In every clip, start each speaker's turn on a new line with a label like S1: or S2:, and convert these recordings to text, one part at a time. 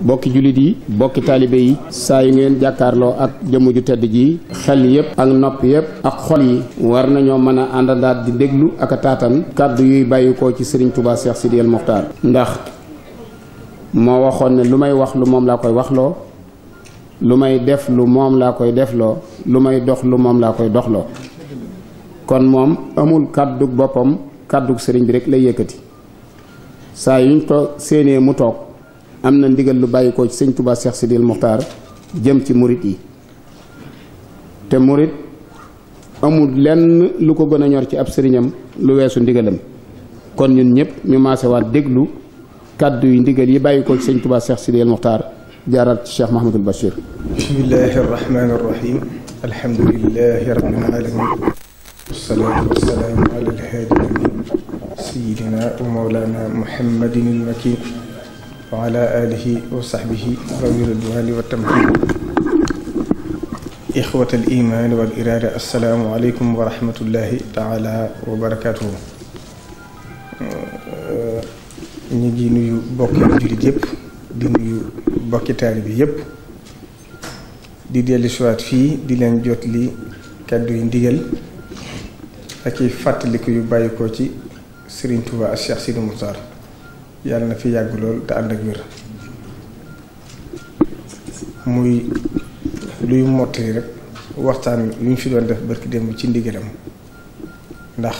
S1: bokki jullit yi bokki taalibe yi saa yu ngeen jàkkaarloo ak jëmm ju tedd ji xel yépp ak nopp yépp ak xol yi war nañoo mën a àndandaat di déglu ak a taatan kàddu yuy bàyyikoo ci sëriñ Touba Cheikh si El Mokhtar ndax moo waxoon ne lu may wax lu moom laa koy waxloo lu may def lu moom laa koy defloo lu may dox lu moom laa koy doxloo kon moom amul kàddug boppam kàddug sëriñ bi rek lay yëkkati saa yuñ ko séenee mu toog am na ndigal lu bàyyi ko ci sëñ Touba Cheikh Sidil Muxtaar jëm ci murit yi te murit amul lenn lu ko gën a ñor ci ab sëriñam lu weesu ndigalam kon ñun ñëpp ñu maase waat déglu kàddu yi ndigal yi bàyyi ko ci sëñ Touba Cheikh Sidil Muxtaar jaaral ci Cheikh Mahamadul Bachir bismillahi arrahmani arrahim alhamdulilahi rabbil alamin wasalaatu wasalaamu ala alhaadi amin sayidina wa mawlana muhammadin almakin wa ala alihi wa sahbihi zawi ridwani wa tamkin ixwat al iman wal irada wa rahmatullahi taala wa barakatuhu ñu ngi nuyu bokki jullit yëpp di nuyu bokki taalibe yëpp di dellu siwaat fii di leen jot li kàddu yu ndigal ak i fàttaliku yu bàyyikoo ci Serigne Touba ak Cheikh yàlla na fi yàgg lool te ànd ak wér muy luy mottali rek waxtaan yu ñu fi doon def barki démb ci ndigalam ndax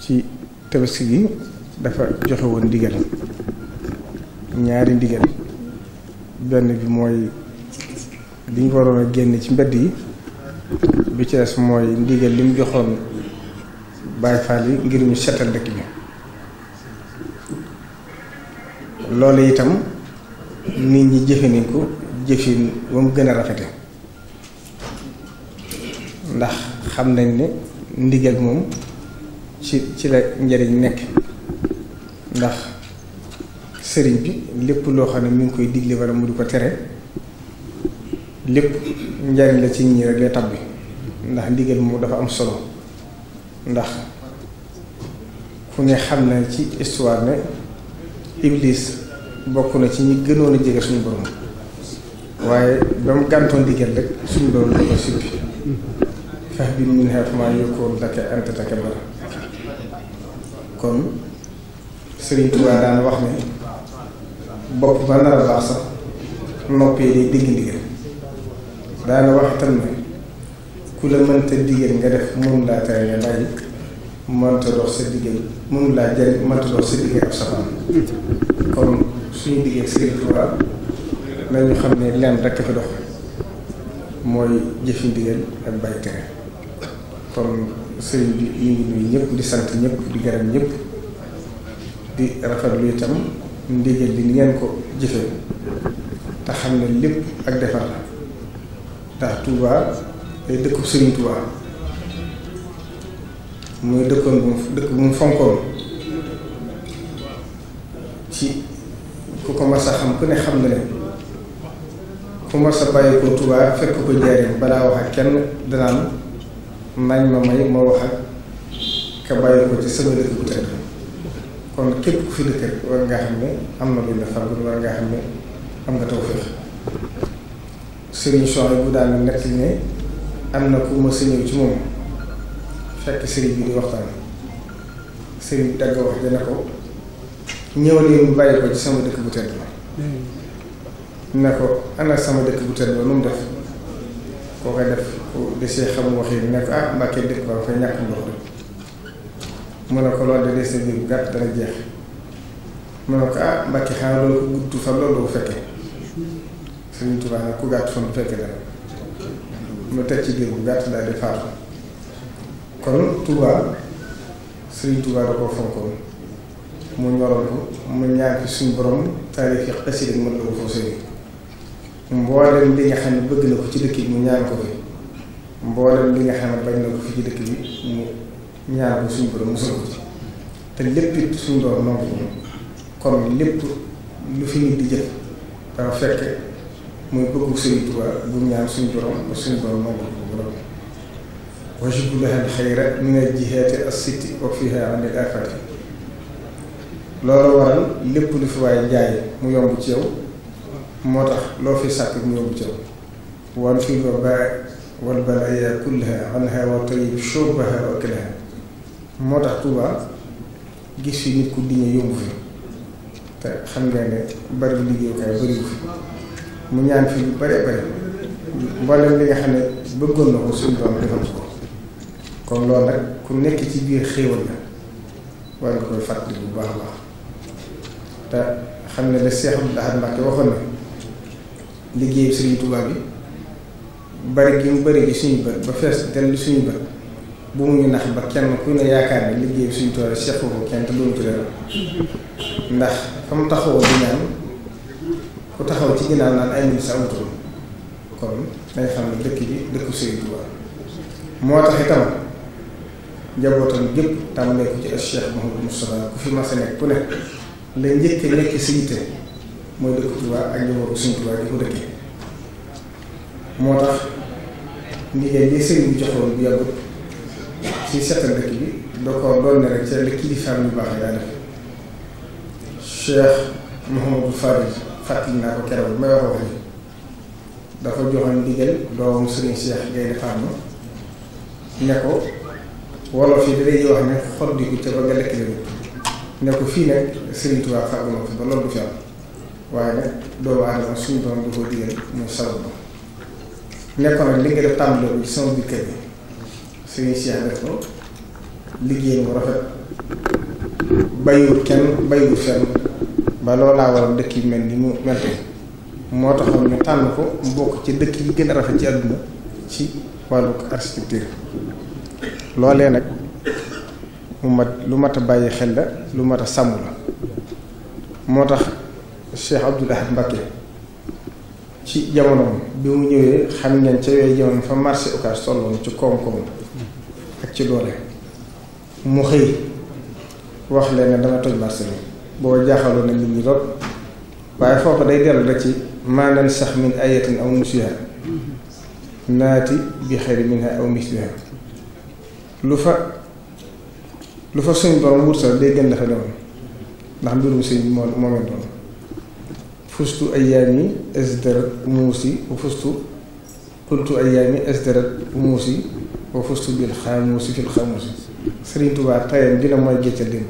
S1: ci tabaski gi dafa joxe woon ndigal ñaari ndigal benn bi mooy li ñu waroon a génn ci mbedd yi bi ci des mooy ndigal li joxoon Baay Faal yi ngir ñu setal dëkk bi loolu itam nit ñi jëfe nañ ko jëfin ba mu gën a rafete ndax xam nañ ne ndigal moom ci ci la njariñ nekk ndax sëriñ bi lépp loo xam ne mi ngi koy digle wala mu di ko tere lépp njariñ la ci ñi rek lay tabbi ndax ndigal moom dafa am solo ndax ku ne xam na ci histoire ne Iblis bokk na ci ñi gënoon a jege suñu borom waaye ba mu gàntoon digal rek suñu borom da ko sippi fex bi mu ne maa yokkoon dake ant take mara kon Sëriñ Tuubaa daan wax ne bopp ba nar baax sax noppee day dégg ndigal daana wax itam ne ku la mënta digal nga def mënu laa tere mënta dox sa digal mënu laa jëriñ mënta dox sa digal ak sa kon suñu diggee Serigne Touba nañu xam ne lenn rekk fi dox mooy jëfi ndigal ak bàyyi tere kon Serigne bi ñu ngi nuyu ñëpp di sant ñëpp di gërëm ñëpp di rafetlu itam ndigal li ni ngeen ko jëfee te xam ne lépp ak defar la ndax Touba day dëkku Serigne Touba muy dëkkoon bu mu dëkk bu mu fonkoon. ku ko mas sa xam ku ne xam na ne ku mas a bàyyi ko Tuubaa fekk ko njariñ balaa wax ak kenn danaan nañ ma may ma wax ak ka bàyyi ko ci sama dëkk bu tëdd kon képp ku fi dëkk rek war xam ne am na luñ la fàggul war ngaa xam ne am nga tawfeex sëriñ Soxna bu daan na nett ne am na ku ma sëñëw ci moom fekk sëriñ bi di waxtaan sëriñ bi dagg wax dana ko ñëw nii mu bàyyi ko ci sama dëkk bu tedd ba ne ko ana sama dëkk bu tedd ba nu mu def koo koy def desee xam wax yi ne ko ah Mbàkke dëkk ba fa ñàkk ndox mu ne ko loolu de desee biir bu gàtt dana jeex mu ne ko ah Mbàkke teg ci biir bu gàtt daal di faatu kon Tuubaa Sëriñ Tuubaa da koo fonkoon mu ñoroon ko mu ñaan ci suñu borom taarix yi xasida mën na nga xam ne bëgg na ko ci dëkk bi mu ñaan mboolem li nga xam ne bañ na ko fi ci dëkk bi mu ñaan ko suñu borom mu ko ci te lépp it suñu borom nangu ko comme lépp lu fi nit di jëf dafa fekk muy bëggu Sëriñ Tuubaa bu ñaan suñu borom ba suñu borom nangu ko borom wajibu lahal xayra min al jihaati as sitti wa fiha an al afati loolu waral lépp lu fi waaye jaay mu yomb ci yow moo tax loo fi sàkk mu yomb ci yow wan fil wabaa wal balaaya kullaha anha wa tayyib shurbaha wa akalaha moo tax Tuuba gis fi nit ku diñe yomb fi te xam nga ne bari liggéeyukaay bari fi mu ñaan fi lu bare bare mboolem li nga xam ne bëggoon na ko suñu doom defal ko kon loolu nag ku nekk ci biir xéewal la war nga koy fàttali bu baax a baax te xam ne la Cheikh Abdoul Ahad Mbacké waxoon ne liggéeyu Serigne Touba bi bari gi mu bari gi suñu bër ba fees dell suñu bër bu mu ñu nax ba kenn ku ne yaakaar ne liggéeyu suñu tool Cheikh ko kenn te doon ci réew ndax fa mu taxawoo di ñaan ku taxaw ci ginnaaw naan ay nit sa amatul kon dañ xam ne dëkk bi dëkku Sëriñ Tuuba moo tax itam njabootam gépp tàmbalee ko ci Cheikh Mouhamadou Moustapha ku fi mas nekk ku nekk la njëkkee nekk si mooy dëkk Tuubaa ak njabootu Sëriñ Tuubaa di ko dëkkee moo tax ndigal yi bi joxoon bu ci seetal dëkk bi da ko doon ne rek ci la kilifaam yu baax daa def Cheikh Mouhamadou Fadil fàttali naa ko keroog may wax wax ni dafa joxoon ndigal doomam sëriñ Cheikh Gaynde Fatma ne wolof yi da lay wax ne xoddiku ca ba nga lekk la ne ko fii nag Serigne Touba fàggu na ko ba loolu du fi am waaye nag doomu suñu borom du ko digal muy sabab ba nekkoon nag li nga def tàmbalee bi sama biir kër gi Serigne Cheikh def ko liggéey mu rafet bayiwul kenn bayiwul fenn ba loolaa waral dëkk yi mel ni mu mel tey moo taxoon ñu tànn ko mu bokk ci dëkk yi gën a rafet ci àdduna ci wàllu architecture loolee nag. mu mat lu mat a bàyyi xel la lu mat a sàmm la moo tax Cheikh Abdoul Ahad ci jamonoom bi mu ñëwee xam ngeen ca yooyu jamono fa marché Ocass tolloon ci koom-koom ak ci doole mu xëy wax leen ne dama toj marché bi boo jaaxaloon na nit ñi waaye foofu day dellu rek ci maanaam sax min ayatin aw musiha naati bi xayri minha aw misliha lu fa lu fa suñ borom wursal day gën dafa demoon ndax mbirum sëñ bi moo moo mel noonu fustu ayyaami asdarat muusi wa fustu qultu ayyaami asdarat muusi wa fustu bil xaamuusi fil xaamuusi Sëriñ Tuubaa tayam gi la mooy géccal démb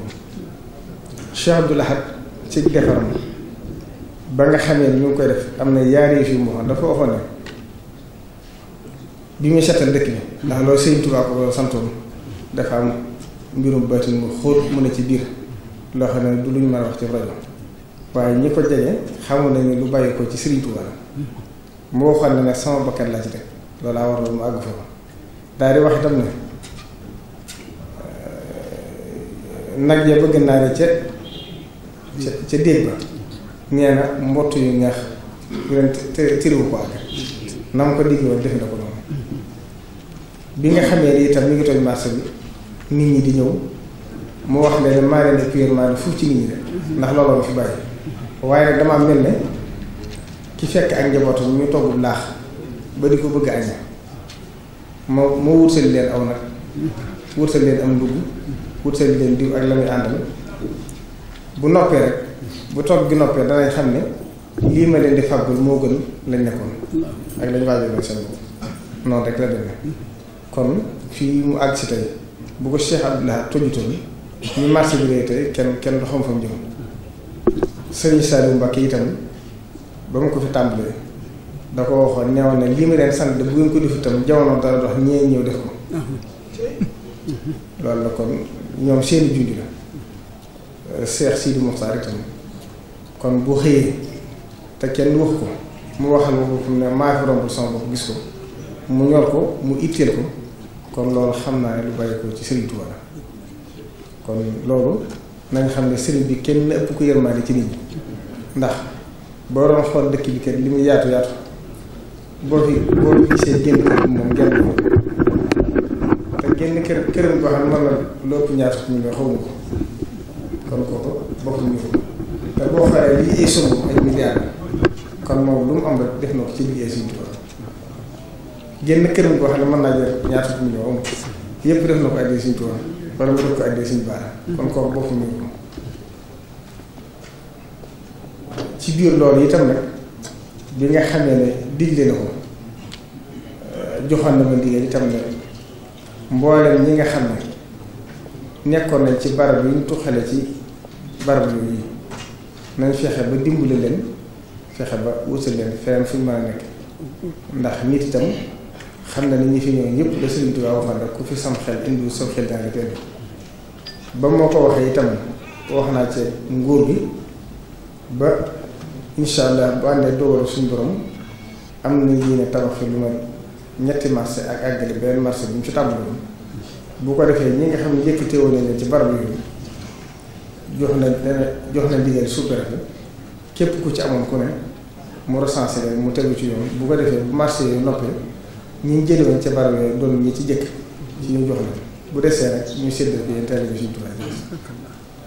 S1: Cheikh Abdoul Ahad ci defaram ba nga xamee ni ñu ngi koy def am na yaari fi mu waxoon dafa waxoon ne bi muy setal dëkk bi ndax loolu Sëriñ Tuubaa ko loolu santoon dafa am mbirum baatin mu xóot mu ne ci biir loo xam ne du lu ñu mën a wax ci rajo waaye ñi ko jege xamu nañu lu bàyyi ko ci Sëriñ Tuubaa la ne nag sama bakkan na mu àgg foofu daal di wax itam ne euh, nag bëgg naa ne ca ca ca ba nee na mbott yu ñax yu leen tëriwu ko àgg na mu ko digg woon def na ko noonu bi nga xamee ni itam mi ngi toj marché bi nit ñi di ñëw mu wax leen maa leen di pire maa leen fuuf ci nit ñi de ndax looloo fi bàyyi waaye damaa mel ne ki fekk ak njabootam ñu toggul laax ba di ko bëgg añ moo moo wutal leen aw nag wutal leen am ndugg wutal leen diw ak la muy àndal bu noppee rek bu toog gi noppee danañ xam ne lii ma leen di fàggul moo gën lañ nekkoon ak lañ waajaloon seen bopp noonu rek la demee kon fii mu àgg si tey bu ko Cheikh Abdoulaye tojutoon ñu marché bi lay tey kenn kenn du xam fa mu jëm sëriñ Saliou Mbacke itam ba mu ko fi tàmbalee da ko waxoon neewoon ne lii ma leen sant bu ngeen ko def itam jamono dara ñëw def ko loolu kon seeni junj la Cheikh Sidi Mokhtar itam bu xëyee te kenn wax ko mu waxal ma boppam ne maa fi rombul sama bopp gis ko mu ñor ko mu itteel ko kon loolu xam naa lu bàyyi ko ci Serigne Touba kon loolu na xam ne Serigne bi kenn ëpp ko yërmaande ci nit ndax boo doon xool dëkk bi kat li muy yaatu yaatu boo fi boo gisee génn moom genn ko te génn kër këram boo xam ne mën na ko ko te moom lu mu am rek def na ko ci liggéey Serigne Touba génn këram boo xam ne mën naa jël ñaar fu million amul yëpp def na ko addee Sëriñ Tuubaa wala mu def ko addee Sëriñ Baara kon kooku bokk ñu ko ci biir nga xamee ne digle na ko euh, joxoon na ma ndigal itam ne mboolem ñi nga xam ne nekkoon nañ ci barab yu ñu tuxale ci barab yooyu nañ fexe ba dimbali leen fexe ba wutal leen feneen fu ñu mën a nekk ndax nit itam xam na ni ñi fi ñëw ñëpp la Sëriñ Tuubaa waxoon rek ku fi sam xel indi sam xel danga teel ba moo ko waxee itam wax naa ci nguur gi ba incha allah bu àndee dogalu suñu borom am na yéene tabax fi lu ma ñetti marché ak àggale benn marché bi mu ci tàmbaloon bu ko defee ñi nga xam ne yëkkatee woon nañ ci barab yooyu jox na jox na ndigal sous-préfet képp ku ci amoon ku ne mu recensé leen mu tegu ci yoon bu ko defee bu marché yooyu noppee. ñi ñu jëlee woon ca barab yooyu doon ñi ci jëkk ci ñu jox leen bu desee nag ñu séddal bi yéen taalibe Sëriñ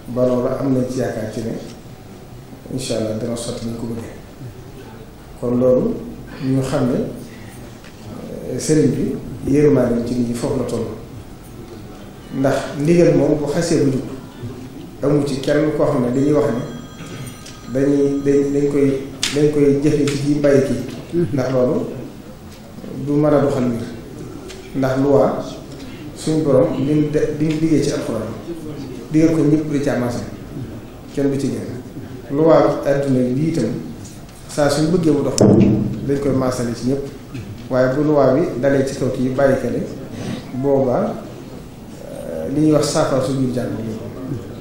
S1: Tuubaa ba am nañ ci yaakaar ci ne incha allah dana sotti ñu ko bëggee kon loolu ñu xam ne euh, sëriñ bi yërmaande ci nit ñi foofu la toll ndax ndigal moom bu xasee bu jub amu ci kenn koo xam ne dañuy wax ne dañuy dañ dañ koy dañ koy jëfe ci ci bàyyi kii ndax loolu du mën a doxal mbir ndax loi suñ borom li de li liggéey ci alxuraan digal ko ñëpp di càmmaase kenn du ci génn loi adduna lii itam saa suñ bëggee mu dox dañ koy maasale ci ñëpp waaye bu loi bi dalee ci kaw kii bàyyi kale boobaa euh, li ñuy wax saafara su jur jàng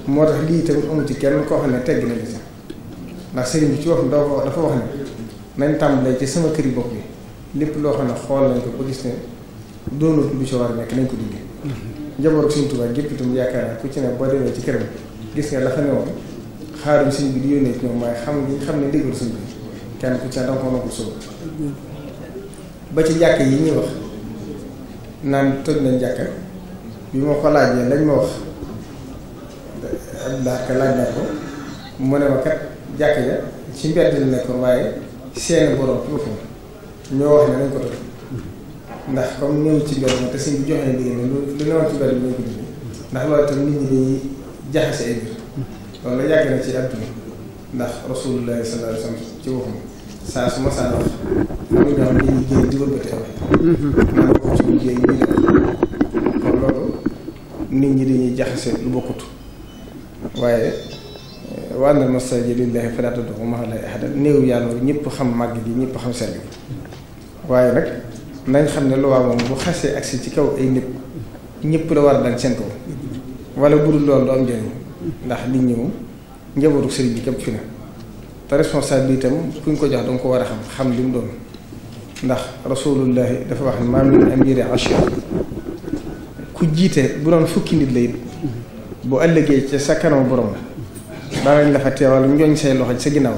S1: moo tax lii itam amu ci kenn koo xam ne tegg na li sax ndax sëriñ bi ci wax dafa wax ne nañ tàmbalee ci sama këri bopp lépp loo xam ne xool nañ ko ba gis ne doonut lu ci war nekk nañ ko dindi. njabootu Sëriñ Tuubaa gépp itam yaakaar naa ku ci ne boo demee ci këram gis nga la ne newoon xaarum sëñ bi di yónnee ci ñoom waaye xam nga xam ne ndigal sëñ bi kenn ku ci ne da nga ko nangul sóobu ba ci jàkk yi ñuy wax naan toj nañ jàkka wax Abdoulaye Ka laaj mu ne ma kat jàkk ja ci mbedd la nekkoon waaye seen borom pour ñoo wax ne nañ ko def ndax comme ñoom ci mbir te suñ joxe na liggéey lu lu newoon ci mbir mi ñu ko dindi ndax loolu itam nit ñi dañuy jaxase ay mbir loolu na ci àdduna ndax rasulullahi ma saa wax xam nga di mm-hmm. ñi dañuy jaxase lu bokkut waaye wa annal masaajida lillaahi falaa tad'uu ma'a llaahi ahadan néew yàlla ñëpp xam màgg gi ñëpp xam sell gi waaye nag nañ xam ne luwaa moom bu xasee agsi ci kaw ay nit ñépp la war a dal seen kaw wala bu dul loolu du am njëriñ ndax nit ñi moom njabootu sëriñ bi képp fi na te responsabilité am ku ko jox danga ko war a xam xam li mu doon ndax rasulullahi dafa wax ne maam min amiri ashir ku jiite bu doon fukki nit la ëllëgee ca sa kanam borom daanañ la fa teewal njooñ say loxo ci ginnaaw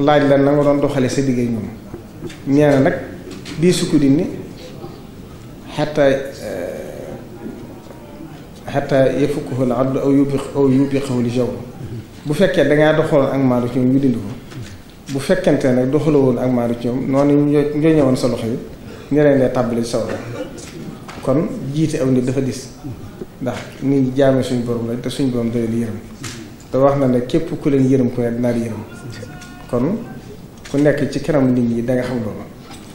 S1: laaj la na nga doon doxale sa digg ñoom nee nag bii sukkurin ni xataa xataa eh, yafukkuhu al adlu aw yubiq aw yubiqahu li jawr bu fekkee dangaa doxaloon ak maanu ci ñoom yu dindi ko bu fekkente nag woon ak maanu ci ñoom noonu ñu ñëwoon sa loxo yi ñu leen lay tàbbale kon jiite aw nit dafa dis ndax nit ñi jaame suñu borom la te suñu borom da yërëm te wax na ne képp ku leen yërëm ku ne dinaa di yërëm kon su nekk ci kanam nit ñi da nga xam loolu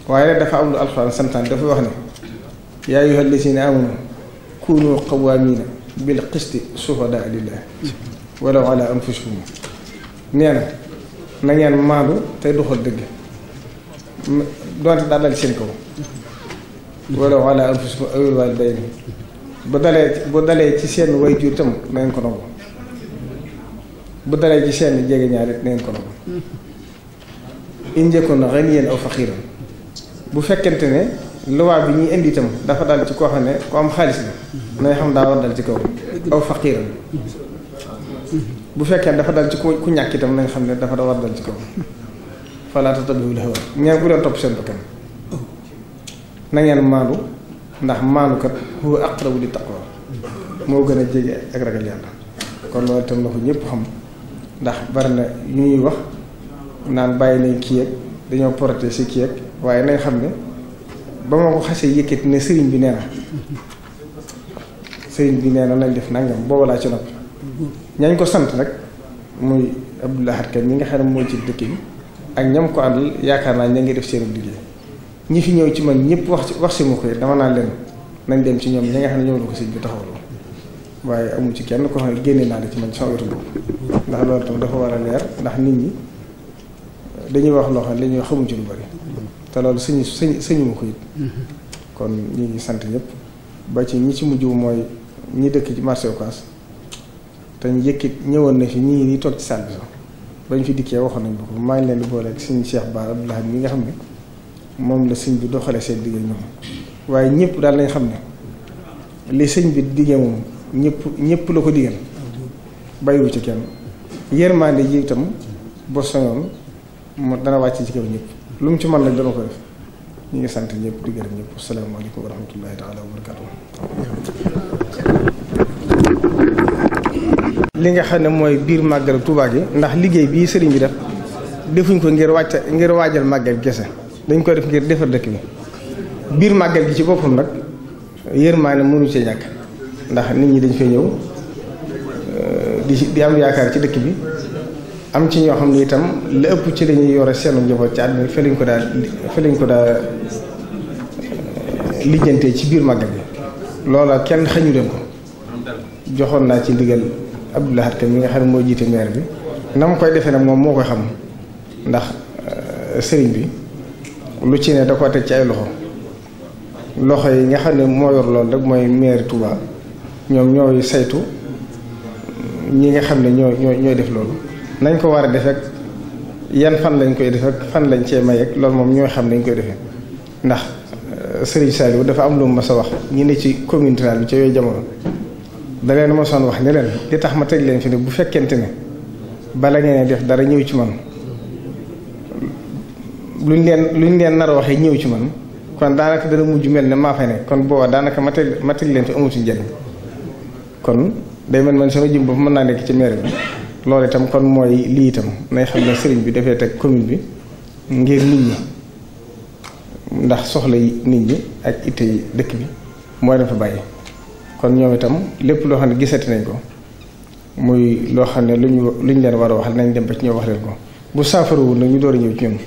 S1: waaye nag dafa am lu alxuraan santaan dafa wax ne yaa ayyuhal lazina amanu kunu qawwaamina bil qisti shuhadaa lillaahi walaw alaa anfusikum nee na na ngeen maandu tey doxal dëgg doonte daa dal seen kaw walaw alaa anfusikum bu dalee bu dalee ci seen wayjur tam na ngeen ko nangu bu dalee ci seen jegeñaale na ngeen ko nangu in yakun ganiyan aw faqiran bu fekkente ne luwaa bi ñuy indi itam dafa dal ci koo xam ne ku am xaalis la na xam daa war dal ci kaw aw faqiran bu fekkee dafa dal ci ku ñàkk itam na xam ne dafa war dal ci kaw fala tattabi'ul hawa ñaan bu leen topp ngeen maalu ndax maalukat huwa aqrabu lit moo gën a jege ak ragal yàlla kon loolu tam na ko ñépp xam ndax bari na ñuy wax naan bàyyi nañ kii yeeg dañoo protéger kii yeeg waaye nañ xam ne ba ma ko xasee yëkkati ne sëriñ bi neena na sëriñ bi nee na nañ def nangam boobu laa ci nopp ñañ ko sant nag muy Abdou Lahad Ka ñi nga xam ne moo ci dëkk ak ñam ko àndal yaakaar naa ña ngi def seen liggéey ñi fi ñëw ci man ñëpp wax ci wax si ma ko dama naa leen nañ dem ci ñoom ñi nga xam ne ñoom la ko si ñu taxawaloo waaye amu ci kenn ko xam ne génne naa la ci man sama wetu ndax loolu tam dafa war a leer ndax nit ñi. dañuy wax loo xam ne li ñuy wax te loolu suñu suñu suñu ma kon ñu sant ñëpp ba ci ñi ci mujj mooy ñi dëkk ci marché Ocass te ñu ñëwoon na fi ñii nii toog ci salle fi dikkee waxoon nañ ko maa ngi leen di boole ak suñu Cheikh Bara mi nga xam ne moom la sëñ bi doxalee seen digg waaye ñëpp daal lañ xam ne li sëñ bi diggee moom ñëpp ñëpp la ko digal bàyyiwu ci kenn yërmande ji itam boo mu dana wàcc ci kaw ñëpp lu mu ci mën nag dana ko def ñu ngi sant ñëpp di gërëm ñëpp salaamaaleykum wa rahmatullahi taala wa barakaatu. li nga xam ne mooy biir màggal tubaab yi ndax liggéey bii sëriñ bi def defuñ ko ngir wàcc ngir waajal màggal gese dañ koy def ngir defar dëkk bi biir màggal gi ci boppam nag yërmaane mënu cee ñàkk ndax nit ñi dañ fee ñëw eh, di di am yaakaar ci dëkk bi. am ci ñoo xam ne itam la ëpp ci la ñuy yore seenu njaboot ci àdduna fa lañ ko daal fa ko daa eh, lijjantee ci biir màggal bi loola kenn xañu leen ko joxoon naa ci ndigal Abdou Lahad Ka mi nga xam ne moo jiite maire bi na mu koy defee nag moom moo koy xam ndax eh, sëriñ bi lu ci ne da ko teg ci ay loxo loxo yi nga xam ne moo yor loolu rek mooy maire Touba ñoom ñooy saytu mm, ñi nga xam ne ñoo ñoo ñooy def loolu nañ ko war a defeek yan fan lañ koy def ak fan lañ cee may ak loolu moom ñoo xam nañ koy defee ndax euh, Serigne Saliou dafa am lu mu mas wax ñu ne ci commune rurale bi ca yooyu jamono da leen mosoon wax ne leen li tax ma teg leen fi ne bu fekkente ne bala ngeen def dara ñëw ci man luñ leen luñ leen nar a waxee ñëw ci man kon daanaka dana mujj mel ne maa fay ne kon booba daanaka ma teg ma teg leen fi amatuñ njëriñ kon day mel man sama jëm bopp mën naa nekk ci maire loolu itam kon mooy lii itam nay xam ne sëriñ bi dafay teg commune bi ngir nit ñi ndax soxla yi nit ñi ak it yi dëkk bi mooy dafa bàyyi kon ñoom itam lépp loo xam ne gisati nañ ko muy loo xam ne lu ñu lu ñu leen war a wax nañ dem ba ci ñoo wax leen ko bu saafarawul nag ñu door a ñëw ci ñun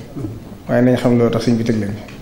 S1: waaye nañ xam loo tax sëñ bi teg leen